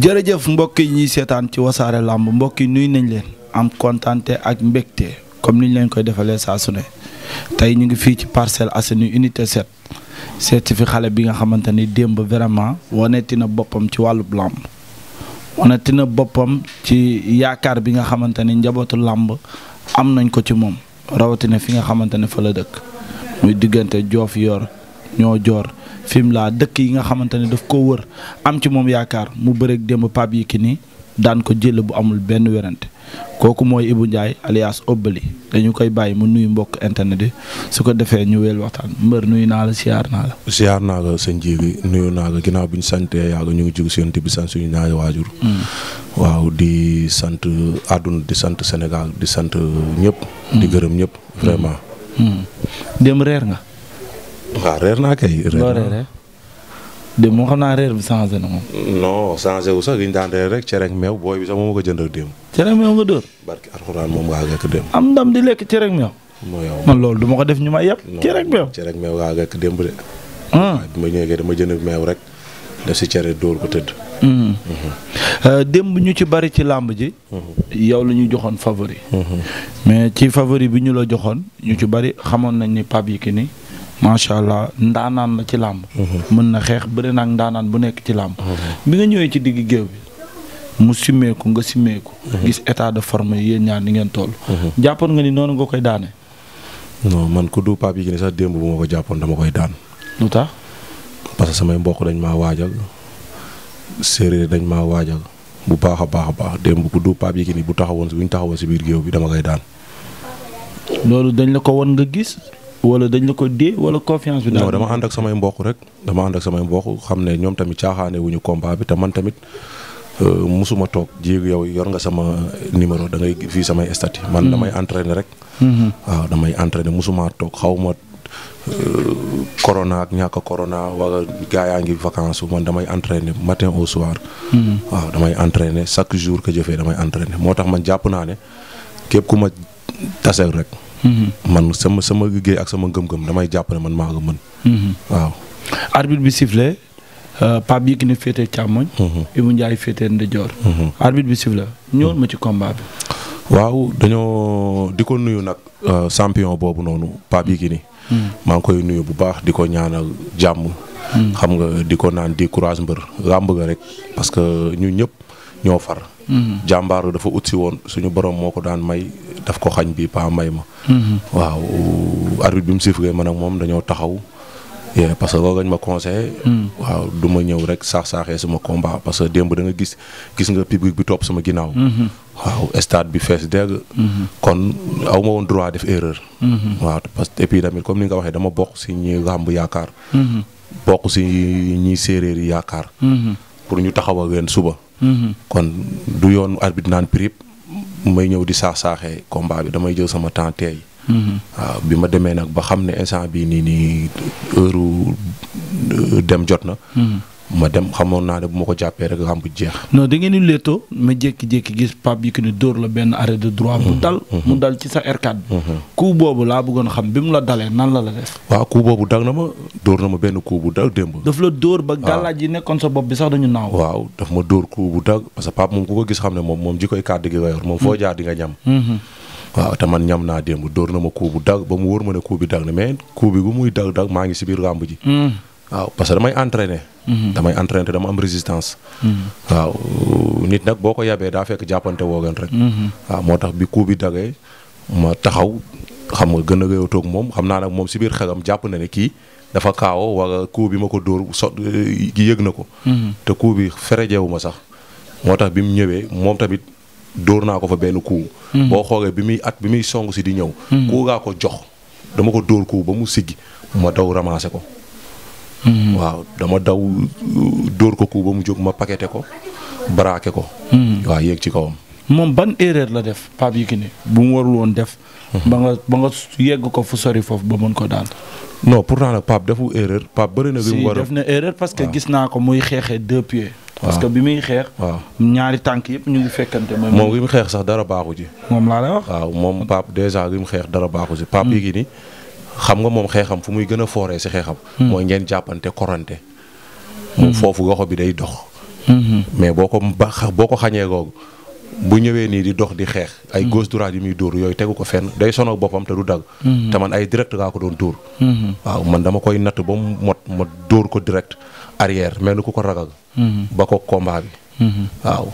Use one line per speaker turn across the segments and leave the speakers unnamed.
jërëjëf mbokk yi ñuy seetaan ci wasaare làmb mbokk yi nuyu nañ leen am kontante ak mbégte comme ni ñu leen koy defalee saa su tey ñu ngi fii ci Parcelles Assainies unité 7 seeti fi xale bi nga xamante ni démb vraiment waneti na boppam ci wàllu làmb waneti na boppam ci yaakaar bi nga xamante ni njabootu làmb am nañ ko ci moom rawatina fi nga xamante ne fa la dëkk muy diggante Diofior ñoo joor Fimela dëkk yi nga xamante ne daf koo wër am ci moom yaakaar mu bëreeg démb ki Yékini daan ko jël bu amul benn werante kooku mooy Ibou Ndiaye alias Obali dañu koy bàyyi mu nuyu mbokk internet yi su ko defee ñu wéyal waxtaan mbër nuyu naa la siyaar naa la.
siyaar naa la sëñ Jibi nuyu naa la ginnaaw bi ñu santee yàlla ñu ngi jug si yonent bi sant suñu ñaari waajur. Hmm. waaw di sant adduna di sant Sénégal di sant ñëpp. di hmm. gërëm ñëpp vraiment. dem hmm. reer nga. waaw reer naa kay. reer
démb moom xam naa reer bi changé na moom.
non changé wu sax li ñu daan reer rek cere meew booy bi sax moom ma ko jëndal démb. cere ak meew moom ngaa am ndam di lekk cere ak meew. loolu du ma ko def ñu may yab. cere ak meew cere ak meew ngaa lekk démb de. Ah. bi ma ñëwee dama rek def si cere dóor ko tëdd. Hmm. Mhm. Euh, démb ñu ci bari ci làmb
ji. Mhm. yow la joxoon favori. Mhm. mais ci favori bi ñu la joxoon ñu ci bari xamoon nañ ni Pape Yékini macha allah ndaanaan la ci làmb mhm. mën na xeex bëri na ndaanaan bu nekk ci làmb mhm. bi nga ñëwee ci digg géew bi mu simmeeku nga simmeeku mhm. gis état de forme yi yéen ñaar ni ngeen tool jàppoon nga ni noonu nga koy daane
non man ku du Pape Yékini sax démb bu ma ko jàppoon dama koy daan lu tax parce que samay mbokk dañ maa waajal séeréer dañ maa waajal bu baax a baax a baax démb ku du Pape Yékini bu taxawoon bu ñu taxawoon si biir géew bi dama koy daan loolu dañ la wala dañ la ko dee wala confiance bi. non dama ànd ak samay mbokk rek dama ànd ak samay mbokk xam ne ñoom tamit caaxaane wuñu combat bi te man tamit euh, musuma toog jéeg yow yor nga sama numéro da ngay fii samay statut man damay hmm. entraîner rek. Hmm. waaw damay entraîner musuma toog xaw ma euh, ñàkk corona wala yaa ngi vacances man damay entraîner matin au soir. Hmm. waaw damay entraîner chaque jour que jëfee damay entraîner moo tax man jàpp naane ne képp ku ma taseel rek. man sama sama liggéey ak sama ngëm-ngëm damay jàpp ne man maa ko mën. waaw. arbitre bi sifflé
euh, Pape Yékini féete càmmoñ. Mhm. Ibou Ndiaye féete ndijoor. Mhm. arbitre bi sifflé ñëwoon
ma ci combat bi. waaw dañoo di ko nuyu nag euh, champion boobu noonu Pape Yékini. Mhm. maa ngi koy nuyu bu baax di ko ñaanal jàmm. xam nga di ko naan di mbër làmb ga rek parce que ñun ñëpp ñoo far. jàmbaaru dafa utsi woon suñu borom moo ko daan may daf ko xañ bi pa may ma. waaw arbitre bi mu sifflé man ak moom dañoo taxaw. parce que loolu lañ ma conseillé. waaw du ma ñëw rek saax saaxee sama combat parce que démb da nga gis gis nga public bi topp sama ginnaaw. waaw stade bi fees dégg. kon aw ma woon droit def erreur. waaw parce que tamit comme ni nga waxee dama bokk si ñi làmb yaakaar. bokk si ñi séeréer yi yaakaar. pour ñu taxawal leen suba. Mm-hmm. kon du yoon arbitre naan prip may ñëw di saax saaxee combat bi damay jël sama temps teey mm-hmm. bi ma demee nag ba xam ne instant bii nii nii heure euh, dem jot na. Mm-hmm. ma dem xamoon naa ne bu ma ko jàppee rek xam bu jeex.
non da ngeen di léetoo ma jékki-jékki gis Pape Yékini dóor la benn arrêt de droit. mu mm-hmm. dal mu mm-hmm. dal ci sa R4 bi. Mm-hmm. coup boobu laa bëggoon xam bi mu la dalee nan la la def.
waaw coup boobu na ma dóor na ma benn coup bu dag démb.
daf la dóor ba ah. gàllaaj yi nekkoon sa bopp bi sax dañu naaw. waaw
daf ma dóor coup bu dag parce moom ku ko gis xam ne moom moom ji koy kàddu gi nga yor moom foo mm. jaar di ñam. waaw te man ñam naa démb door na ma coup bu dag ba mu wóor ma ne coup bi dag na mais coup bu muy dag dag maa ngi si biir làmb ji mm. waaw parce que damay entraîner. Mhm. damay entraîner dama am résistance. Mhm. waaw nit nag boo ko yabee daa fekk jàppante woogan rek. Mhm. waaw moo tax bi coup bi dagee ma taxaw xam nga gën a gëyoo toog moom xam naa nag moom si biir xelam jàpp na ne kii. dafa kaawoo wala coup bi ma ko dóor so eh, yëg na ko. te coup bi ferejewu ma sax. moo tax bi mu ñëwee moom tamit dóor naa ko fa benn coup. boo xoolee bi muy at bi muy song si di ñëw. coup gaa ko jox dama ko dóor coup ba mu siggi ma Mm-hmm. waaw dama daw uh, dóor ko ku ba mu jóg ma paqueté ko braqué ko. Mm-hmm. waaw yéeg ci kawam.
moom ban erreur la def yi Pape Yékini bu mu warul woon def. Mm-hmm. ba nga ba nga yegg ko fu
sori foofu ba mën ko daan. non pourtant nag Pape defu erreur Pape bëri na. bi mu war a def na
erreur parce que gis naa ko muy xeexee deux pieds. parce que bi muy xeex.
waaw ñaari tànk yëpp ñu ngi
fekkante. moom
bi mu xeex sax dara baaxu ci. moom laa lay wax. waaw moom Pape dèjà bi mu xeex dara baaxu ci Pape mm. Yékini. xam nga moom xeexam fu muy gën a fooree si xeexam. Hmm. mooy ngeen jàppante korante. moom hmm. foofu goxo bi day dox. Hmm. mais boo ko ba boo ko xañee googu bu ñëwee nii di dox di xeex. ay gauche droite yi muy dóor yooyu tegu ko fenn day sono boppam te du dagg. te man ay direct gaa ko doon dóor. waaw man dama koy natt ba mu mot ma dóor ko direct arrière mel ni ku ko ragal. ba ko combat bi. waaw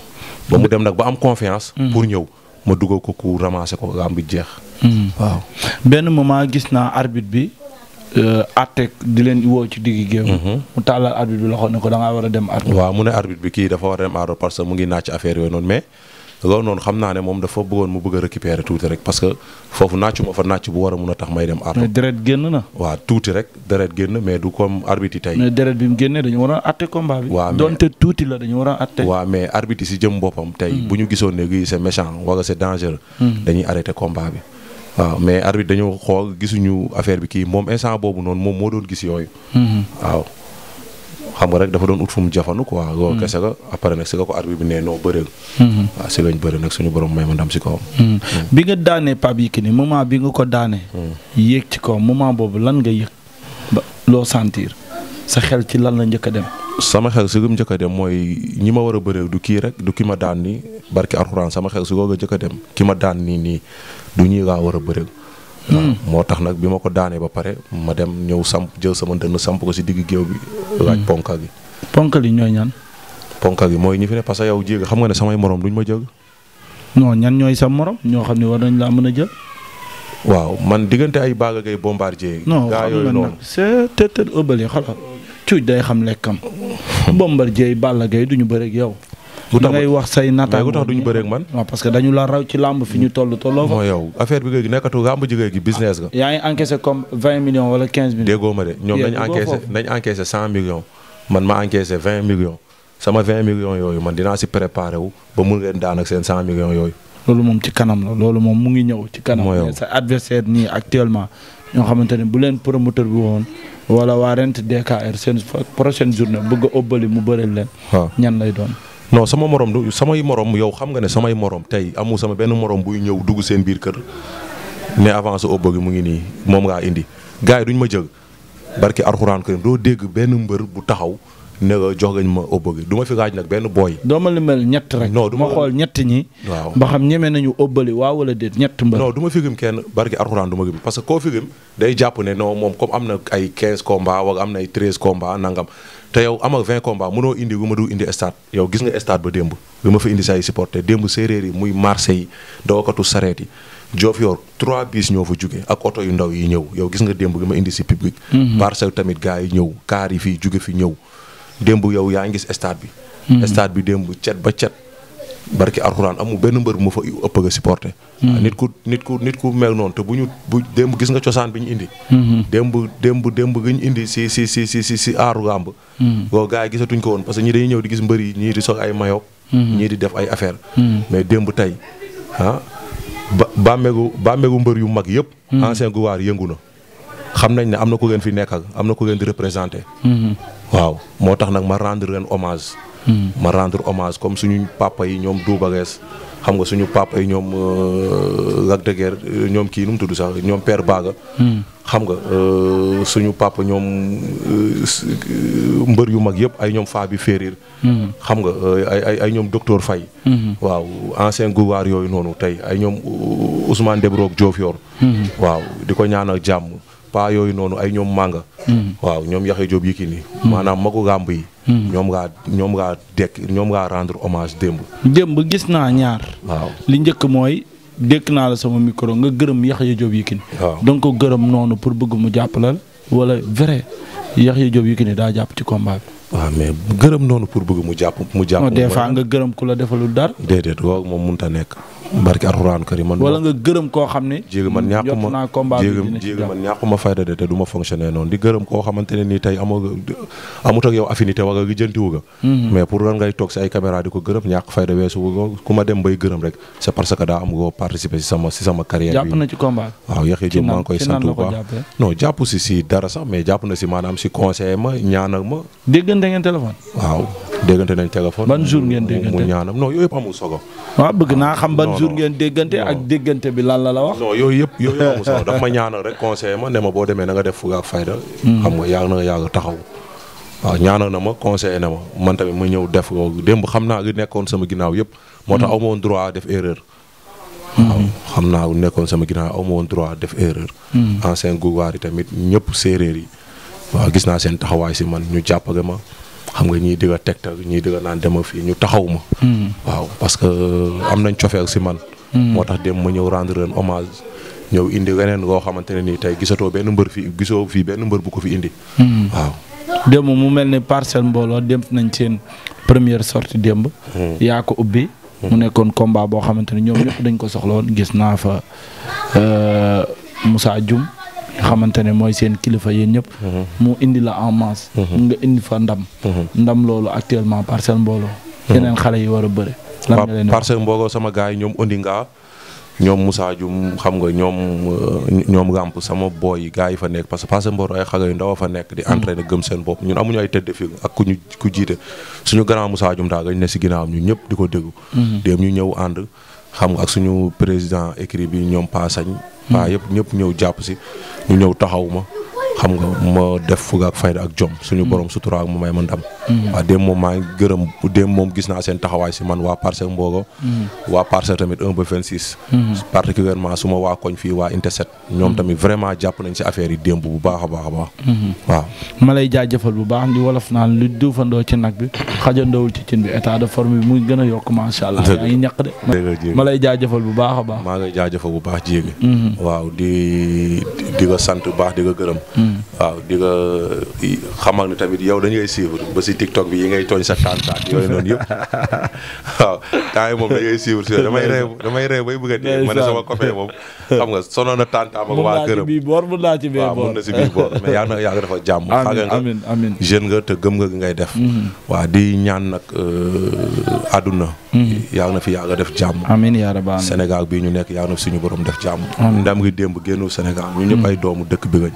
ba mu dem nag ba am confiance. pour ñëw. ma dugal ko ku ramasser ko lamb bi jeex.
Hmm. waaw
benn moment gis
naa arbitre bi. Euh, àtteeg di leen woo ci digg géew. Mhm. mu tàllal arbitre bi loxo ne ko da war a dem
arbitre. waaw mu ne arbitre bi kii dafa war a dem arbitre parce que mu ngi naaj ci affaire yooyu noonu mais. loolu noonu xam naa ne moom dafa bëggoon mu bëgg a récupérer tuuti rek parce que foofu nàcc ma fa nàcc bu war a mun a tax may dem at mais génn na waaw tuuti rek deret génn mais du comme arbitre yi tey
bi mu génnee dañu war a atte combat bi waaw donte
tuuti la dañu war a atte waaw mais arbitre yi si jëm boppam tey hmm. bu ñu gisoon ne gi c'est méchant wala c'est dangereux hmm. dañuy arrêté combat bi waaw mais arbitre dañoo xool gisuñu affaire bi kii moom instant boobu noonu moom moo doon gis yooyu hmm. waaw xam nga rek dafa doon ut fu mu jafanu quoi. Hmm. loolu kese la après nag si la ko arbitre bi nee noo bëreel. Hmm. waaw si lañ bëri nag suñu borom may ma ndam si kawam.
Hmm. bi nga daanee Pape Yékini moment bi nga ko daane yéeg
ci kawam moment boobu lan nga yëg loo sentir sa xel ci lan la njëkk a dem. sama xel si li mu njëkk a dem mooy ñi ma war a bëreel du kii rek du ki ma daan ni barki alxuraan sama xel si loolu la dem ki ma daan nii nii du ñii laa war a bëreel. waaw moo tax nag bi ma ko daanee ba pare ma dem ñëw samp jël sama dënn samp ko si digg géew bi. Hmm. laaj ponka gi. ponka gi ñooy ñaan. ponka gi mooy ñi fi ne parce que yow jéeg xam nga ne samay morom duñ ma jël.
non ñan ñooy sa morom ñoo xam ne war nañ laa mën a jël.
waaw man diggante ay Balla Gaye Bombardier. gaa yooyu noonu non
xam nga nag c'est day xam lekkam. Bombardier Balla Gaye duñu bëre ak yow. da ngay wax say nattaangoo mais lu tax duñu bëreeg man. waaw parce que dañu la raw ci làmb fi ñu toll tolloo fa. moo yow affaire bi léegi nekkatu làmb ji léegi business ga. yaa ngi encaissé
comme vingt millions wala quinze millions. déggoo ma de ñoom nañ encaissé nañ encaissé cent millions man ma encaissé vingt millions sama vingt millions yooyu man dinaa si préparé wu ba mun leen daan ak seen cent millions yooyu.
loolu moom ci kanam la loolu moom mu ngi ñëw ci kanam. moo
sa adversaire nii
ñoo xamante ne bu leen promoteur bi woon wala waa rent DKR seen prochaine journée bëgg a ëbbali mu bëreel leen. ñan lay doon.
non sama morom du samay morom yow xam nga ne samay morom tey amul sama benn moroom buy ñëw dugg seen biir kër ne avance obbo gi mu ngi nii moom ngaa indi gars yi duñ ma jëg barki arxuraan karim doo dégg benn mbër bu taxaw ne jox gañ ma obbo du ma fi gaaj nag benn booy. doo ma limal ñett rek. non du ma xool ñett ñi. waaw ba xam ñeme nañu obbali waaw wala de ñett mbër. non du ma fi gëm kenn barki arxuraan du ma gëm parce que koo fi gëm day jàpp ne non moom comme am na ay quinze combats wala am na ay 13 combats nangam te yow amal 20 combats mënoo indi lu ma du indi stade yow gis nga stade ba démb lu ma fa indi say supporter démb séeréer yi muy Marseille yi dawakatu sareet yi Diofior trois bis ñoo fa jóge ak oto yu ndaw yi ñëw yow gis nga démb li ma indi si public mhm. Parcelles tamit gars yi ñëw kaar yi fii jóge fi ñëw démb yow yaa ngi gis stade bi mhm. stade bi démb cet ba cet barki alxuraan amul benn mbër bu ma fa ëpp a supporté. Hmm. nit ku nit ku nit ku mel noonu te bu ñu bu démb gis nga cosaan bi ñu indi. Hmm. démb démb démb gi ñu indi si si si si si si aaru gàmb. boo gaa yi gisatuñ ko woon parce que ñi dañuy ñëw di gis mbër yi ñii di soog ay mayo. Hmm. ñii di def ay affaire mais démb tey ah ba bàmmeegu bàmmeegu mbër yu mag yëpp. ancien guwaar yëngu na. xam nañ ne am na ku ngeen fi nekkal am na ku ngeen di représenté. waaw moo tax nag ma rendre leen hommage. Hmm. ma rendre hommage comme suñu papa yi ñoom duubagees xam nga suñu papa yi ñoom euh, Lac de euh, ñoom kii nu mu tudd sax ñoom Père Baga. Hmm. xam nga euh, suñu papa ñoom mbër yu mag yëpp ay ñoom faa bi féeréer. Hmm. xam nga ay ay ay ñoom docteur Faye. waaw ancien gouwaar yooyu noonu tey ay ñoom Ousmane Debroog Diofior. waaw di ko ñaanal jàmm. paa yooyu noonu ay ñoom mànga hmm. waaw ñoom yax Jóob yi ki hmm. nii maanaam magu gàmb yi hmm. ñoom ngaa ñoom ngaa dekk ñoom ngaa rendre hommage démb démb gis naa ñaar waaw
li njëkk mooy dékk naa la sama micro nga gërëm Yaxya Jóob yi ki nii waaw gërëm noonu pour bëgg mu jàppalal wala vrai Yaxya Jóob yi kii nii daa jàpp ci combat
bi waaw mais gërëm noonu pour bëgg mu jàpp mu jàpp des fois nga gërëm ku la defalul dara déedéet waaw moom mënta nekk barki alxuraan kër yi man. wala nga gërëm koo xam ne. jéegi man ñàkkuma jéegi man ñàkkuma fayda de te du ma fonctionné noonu di gërëm koo xamante ne nii tey amoo amut ak yow affinité waga gi jëntiwu ga mhm. mais pour lan ngay toog si ay caméra di ko gërëm ñàkk fayda weesu ko ku ma dem bay gërëm rek c'est parce que daa am go participer si sama sama carrière bi
jàpp na waaw Yaxya Diop maa ngi koy sant bu baax
non jàpp si si dara sax mais jàpp na si maanaam si conseil ma ñaana ma
déggante ngeen téléphone
waaw déggante nañ téléphone. ban jour ngeen déggante mu ñaanam non yooyu yëpp amul solo. waaw ah, bëgg naa xam ban jour
ngeen déggante ak déggante bi lan la la wax. non yooyu yëpp yooyu amul solo daf
ñaanal rek conseiller ma ne ma boo demee nanga def fulla ak fayda. Hmm. xam nga yàlla na yàlla taxaw. waaw ñaanal na ma conseiller na ma man tamit ma ñëw def loolu démb xam naa li nekkoon sama ginnaaw yëpp. moo tax hmm. aw ma woon droit def erreur. Hmm. waaw xam naa nekkoon sama ginnaaw aw ma woon droit def erreur. ancien gouvernement yi tamit ñëpp séeréer yi. waaw gis naa seen taxawaay si man ñu jàppale ma xam nga ñii digga tegtal ñii digga naan dema fii ñu taxaw ma hmm. waaw parce que euh, am nañ cofeel si man hmm. moo tax dem ma ñëw rendre leen hommage ñëw indi weneen koo xamante ne nii tey gisatoo benn mbër fii gisoo fii benn mbër bu ko fi indi
hmm. waaw démb mu mel ni parcelle mbooloo dem nañ seen première sortie démb yaa ko ubbi mu nekkoon combat boo xamante ne ñoom ñëpp dañ ko soxla gis naa fa euh, Moussa Dioum xamante ne mooy seen kilifa yéen ñëpp. Mhm. mu indi la en masse. Mhm. nga indi fa ndam. Mhm. ndam loolu actuellement parcelle mbooloo. yeneen xale yi war a bëre. lan nga leen parcelle
mbooloo sama gars yi ñoom Ondinga ñoom Moussa xam nga ñoom euh, ñoom sama booy yi gars yi fa nekk parce que parcelle mbooloo ay xale yu ndaw a fa nekk. di entraîné gëm seen bopp ñun amuñu ay tëdd fi ak ku ñu ku jiite suñu grand Moussa Dioum daal dañ ne si ginnaawam ñun ñëpp di ko déglu. dem ñu ñëw ànd xam nga ak suñu président écrit paa yëpp ñëpp ñëw jàpp si ñu ñëw taxaw xam nga ma def fuga ak fayda ak jom suñu mm. borom sutura ak may ma ndam. Mm. waaw démb moom maa ngi gërëm démb moom gis naa seen taxawaay si man waa Parcelles Mbogo. Mm. waa Parcelles tamit 1 ba 26. particulièrement su ma waa koñ fii waa Inteset. ñoom tamit vraiment jàpp nañ si affaire yi démb bu baax a baax a baax. Mm-hmm. waaw
ma lay jaajëfal bu baax di wolof naan lu duufandoo ci nag bi xajandoowul ci cin bi état de forme bi a yokk macha allah. yaa ngi ñàkk de ma
lay jaajëfal bu baax a baax. maa ngi lay jaajëfal bu baax jéegi. Mm-hmm. waaw di di ko sant baax di ko gërëm. Mm-hmm. waaw di nga xamal ni tamit yow dañuy ngay suivre ba si TikTok bi yi ngay tooñ sa tàntaat yooyu noonu yëpp waaw temps moom dañu ngay suivre si damay reew damay reew bay bëgg a dee ma ne sama copain moom xam nga sonoon na tàntaam ak waa këram mun naa ci boor mun naa ci boor waaw mun na si biir boor mais yàlla na yàlla dafa jàmm. amiin amiin nga jeune nga te gëm nga gi ngay def. Mhm. waa di ñaan nag euh, àdduna. Mhm. yàlla na fi yàlla def jàmm. amiin yaa rabbal bii ñu nekk yàlla na suñu borom def jàmm. ndam gi démb génnu Sénégal ñu ñëpp ay mhm. doomu dëkk bi lañ.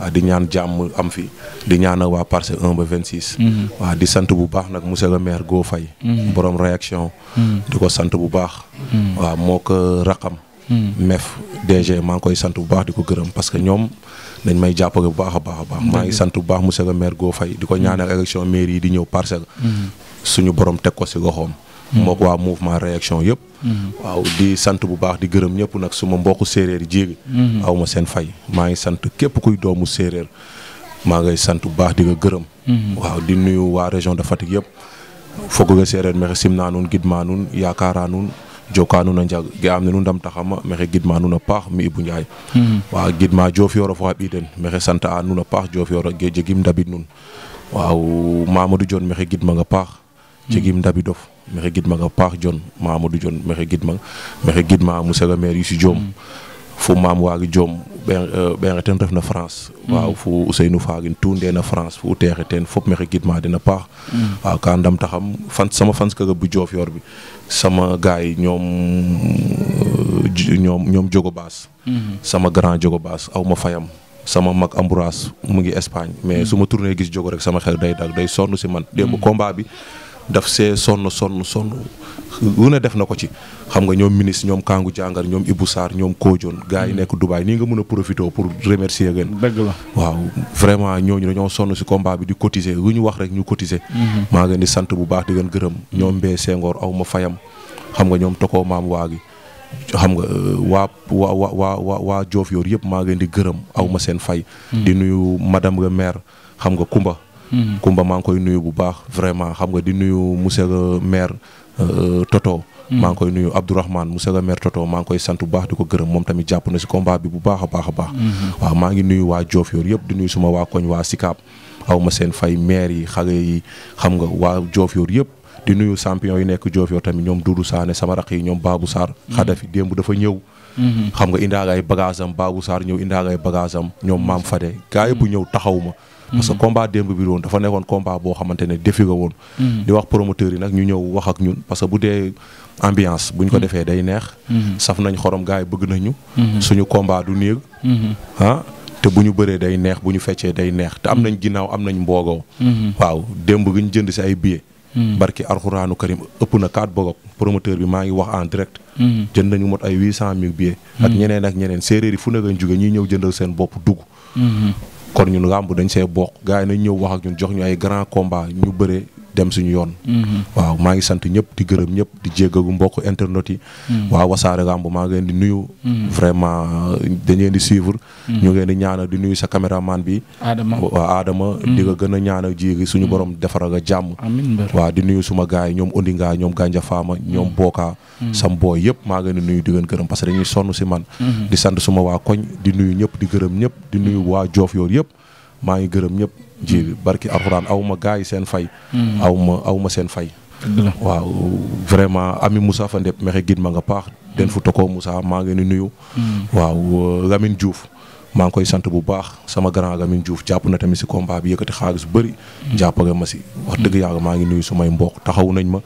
waa di ñaan jàmm am fi di ñaan waa parcelle 1 ba 26. waa di sant bu baax nag monsieur le maire goo Faye borom réaction. di ko sant bu baax. waa ko raqam Mm. MEF DG maa ngi koy sant bu baax di ko gërëm parce que ñoom dañ may jàppale bu baax a baax a baax. maa ngi sant bu baax mu le maire Go Faye di ko mm. ñaanal élection mairie yi di ñëw parcelle. Mm. suñu borom teg ko si loxoom. mbokk waa mouvement réaction yëpp. waaw di sant bu baax di gërëm ñëpp nag suma mbokku séeréer yi jéegi. aw ma seen fay maa ngi sant képp kuy doomu séeréer maa ngay sant bu baax di nga gërëm. waaw di nuyu waa région de Fatick yëpp. foog nga séeréer mexe sim naa nun gid joka nuun a njag ga'a ne nu ndamtaxama maxey gidma nuun a paax mi Ibou Ndiaye hmm. waaw gidma Diofior o fo xa ɓiten maxey sant a nuun a paax Diofior jegim ndabid nuun waaw Mamadou Dione maxey gidmang a paax hmm. jegim ndabidof maxey gidmang a paax gidmang maxey gidma monsieur le maire Youssou Diom hmm. fu maam waagi joom ɓeexe euh, ten na france mm. waaw fo Ousseynou faagin tout ndeena france fu teexe teen fop maxey gidma den a paax mm. waaw ka ndamtaxam fan sama fans kaga bu joof yoor bi sama gaay ñoom euh, ñoom ñoom jogo baas mm-hmm. sama grand jogo baas aw ma fayam sama mag Ambroise mu ngi Espagne mais mm. suma ma tourné gis jogo rek sama xel day dal day sonn si man démb komba bi daf see sonn sonn sonn wu ne def na ko ci xam nga ñoom ministre ñoom Kangou Jàngar ñoom Ibou Sarr ñoom Kojoon gars yi hmm. nekk Dubaay nii nga mën a profité pour remercier gën dëgg la waaw vraiment ñooñu dañoo sonn si combat bi di cotiser lu ñu wax rek ñu cotiser. Hmm. maa ngeen di sant bu baax di gën gërëm hmm. ñoom Mbaye Senghor aw ma fayam xam nga ñoom tokoo maam waa gi xam nga euh, waa waa waa waa waa Joof yoor yëpp maa ngeen di gërëm aw ma seen fay. di nuyu madame le maire xam nga Kumba. Mm-hmm. Kumba maa ngi koy nuyu bu baax vraiment xam nga di nuyu monsieur le maire euh, Toto. Mm-hmm. maa ngi koy nuyu Abdourahmane monsieur le maire Toto maa ngi koy sant bu baax di ko gërëm moom tamit jàpp na si combat bi bu baax a baax a baax. Mm-hmm. waaw maa ngi nuyu waa Diofior yëpp di nuyu suma waa koñ waa Sikaab aw ma seen fay maire yi xale yi xam nga waa Diofior yëpp. di nuyu champion yi nekk Diofior tamit ñoom Doudou Sané sama rakk yi ñoom Babou Sarr. Xadafi démb dafa ñëw. Mm-hmm. xam nga indaale ay bagage am Babou Sarr ñëw indaale ay bagage am ñoom maam Fade gars bu ñëw taxaw ma mm-hmm. parce que combat démb bi doon dafa nekkoon combat boo xamante ne défi nga woon mm-hmm. di wax promoteurs yi nag ñu ñëw wax ak ñun parce que bu dee ambiance buñ ko defee day neex saf nañ xorom gars yi bëgg nañu suñu combat du néeg ah te bu ñu bëree day neex bu ñu feccee day neex te am nañ ginnaaw am nañ mboogoo waaw démb gi ñu jënd si ay billets Mm. barki arxuraanu karim ëpp na quatre bogog promoteur bi maa ngi wax en direct mm. jënd nañu mot ay huit cent mille billets mm. ak ñeneen ak ñeneen séeréer yi fu ne gañ jóge ñuy ñëw jëndal seen bopp dugg mm-hmm. kon ñun làmb dañ see bokk gars yi nañ ñëw wax ak ñun jox ñu ay grand combat ñu bëree dem suñu yoon. Mm-hmm. waaw maa ngi sant ñëpp di gërëm ñëpp di jéggagu mbokk internet yi. Mm-hmm. waa wasaare lamb maa ngi leen di nuyu. Mm-hmm. vraiment dañ leen di suivre. ñu ngi di ñaanal di nuyu sa caméraman bi. Adama waaw Adama. di nga gën a ñaanal ji suñu borom defaral nga jàmm. waaw di nuyu suma gars yi ñoom gaa ñoom Ganja Fama ñoom Boka. sam booy yëpp maa ngi leen nuyu di leen gërëm parce que dañuy sonn si man. di sant suma waa koñ di nuyu ñëpp di gërëm ñëpp di nuyu waa Joof yoor yëpp maa ngi gërëm ñëpp ji barki alxuraan aw ma gars yi seen fay. Hmm. aw ma aw ma seen fay. waaw vraiment ami Moussa fa ndeb mexe gid ma nga paax hmm. den fu tokoo musa maa ngi ni nuyu hmm. waaw euh, Lamine Diouf maa ngi koy sant bu baax sama grand Lamine Diouf jàpp na tamit si combat bi yëkkati xaalis bu bëri jàppale ma si wax dëgg yàlla maa ngi nuyu sumay mbokk taxaw nañ ma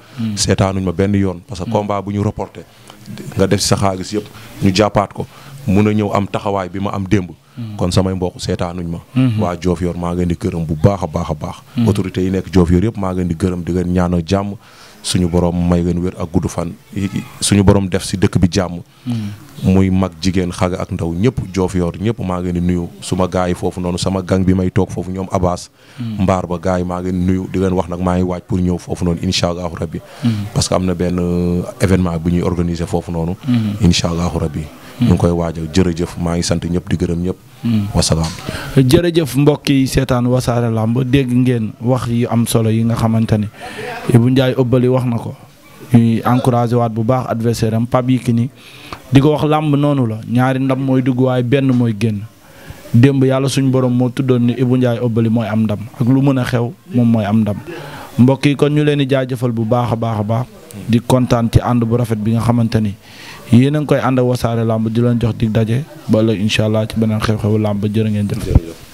seetaanuñ ma benn yoon parce que combat bu ñu reporté nga def si sa xaalis yëpp ñu jàppaat ko mun a ñëw am taxawaay bi ma am démb. Mm. kon samay mbokk seetaanuñ ma. Mm-hmm. waa Diofior maa ngi di gërëm bu baax a baax a baax. Mm-hmm. autorités yi nekk Diofior yëpp maa ngi leen di gërëm di leen ñaanal jàmm suñu borom may wér ak gudd fan suñu borom def si dëkk bi jàmm. Mm-hmm. muy mag jigéen xaga ak ndaw ñëpp Diofior ñëpp maa ngeen leen di nuyu suma gars yi foofu noonu sama gang bi may toog foofu ñoom Abbas. mbaar ba gars yi maa ngi leen nuyu di leen wax nag maa ngi waaj pour ñëw foofu noonu incha allahu rabbi. parce que am na benn euh, événement bu ñuy organiser foofu noonu. incha allahu rabbi ñu ngi koy waaja jërëjëf maa ngi sant ñëpp di gërëm ñëpp. Hmm. wasalaam.
jërëjëf mbokk yi seetaan wasaare làmb dégg ngeen wax yu am solo yi nga xamante ni Ibou Ndiaye ëbbali wax na ko ñuy encouragé waat bu baax adversaire am ki ni di ko wax làmb noonu la ñaari ndam mooy dugg waaye benn mooy génn. démb yàlla suñu borom moo tuddoon ni Ibou Ndiaye ëbbali mooy am ndam ak lu mën a xew moom mooy am ndam mbokk yi kon ñu leen di jaajëfal bu baax a baax a baax. di kontaan ci ànd bu rafet bi nga xamante ni yéen a ngi koy ànd ak wasaare làmb di leen jox di daje ba ëllëg incha allah ci beneen xew-xewu làmb jërë ngeen jëf.